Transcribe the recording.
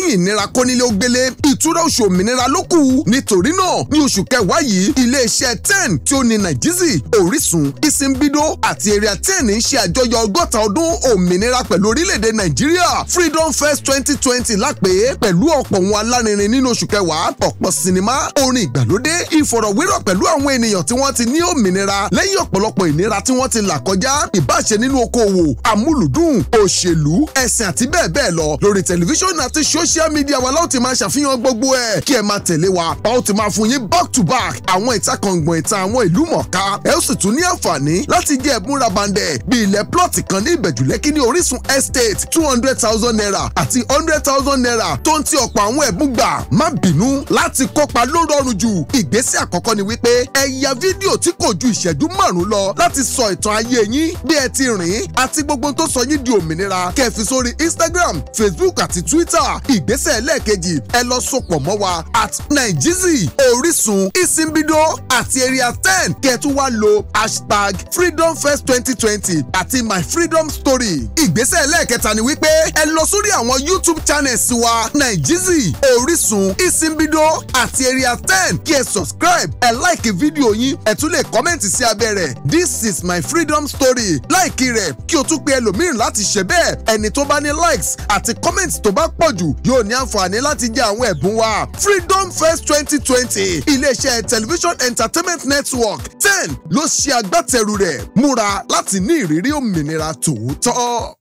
Then ìnira kónílé ó gbélé ìtura oṣù òmìnira ló kù nítorí náà ní oṣù kẹwàá yìí iléeṣẹ́ ten tí ó ní Nàìjíríì Orísun Isimbido àti area ten ń ṣe àjọyọ̀ ọgọ́ta ọdún òmìnira pẹ̀lú orílẹ̀-èdè Nàìjíríà Freedom first twenty twenty lápè pẹ̀lú ọ̀pọ̀ ohun alárinrin nínú oṣù kẹwàá ọ̀pọ̀ sinimá orin ìgbàlódé ìfọ̀rọ̀wérọ̀ pẹ̀lú àwọn ènìyàn tí wọ́n ti ní òmìnira lẹ́yìn ọ̀pọ̀lọpọ̀ ìnira tí wọ́n ti là kọjá ìbáṣe nínú okòwò àmúlùdùn òṣèlú ẹ̀sìn àti bẹ́ẹ̀ bẹ́ẹ̀ lọ lórí tẹlifíṣọ̀n àti social social media wa láò ti máa ṣàfihàn gbogbo ẹ̀ kí ẹ máa tẹ̀lé wa a ó ti máa fún yín back to back àwọn ìtakàngbọ̀n ìtàn àwọn ìlú mọ̀ká ẹ ó sì tún ní àǹfààní láti jẹ́ ẹ̀bùn rabandẹ̀ bí ilẹ̀ plọ̀tì kan ní ìbẹ̀jùlẹ́kí ní Orísun estate two hundred thousand naira àti hundred thousand naira tó ń ti ọ̀pọ̀ àwọn ẹ̀bùn gbà má bínú láti kópa ló rọrùn jù ìgbésẹ̀ àkọ́kọ́ ni wípé ẹ ya fídíò tí kò ju ìṣẹ́jú márùn-ún lọ láti sọ ìtàn ayé yín bí ẹ ti rìn àti gbogbo tó sọ yín di òmìnira kẹ́ sórí Instagram Facebook àti Twitter ì ìgbésẹ̀ ẹlẹ́ẹ̀kejì ẹ lọ sopọ̀ mọ́ wa at Nigezie Orísun Isimbido àti area ten kẹ́ẹ̀tún wá lo hashtag freedomfest twenty twenty àti my freedom story. ìgbésẹ̀ ẹlẹ́ẹ̀kẹta ni wípé ẹ lọ sórí àwọn YouTube channels wa Nigezie Orísun Isimbido àti area ten kí ẹ subscribe ẹ like fídíò yín ẹ tún lè kọ́mẹ̀ntì sí abẹ́ this is my freedom story láìkí rẹ̀ kí o tún pe ẹlòmíràn láti ṣe bẹ́ẹ̀ ẹni tó bá ní likes àti comments tó bá pọ̀ yóò yóò ní àǹfààní láti jẹ àwọn ẹ̀bùn wa Freedom First twenty twenty iléeṣẹ́ television entertainment network ten ló ṣe agbátẹrù rẹ̀ múra láti ní ìrírí òmìnira tòótọ́.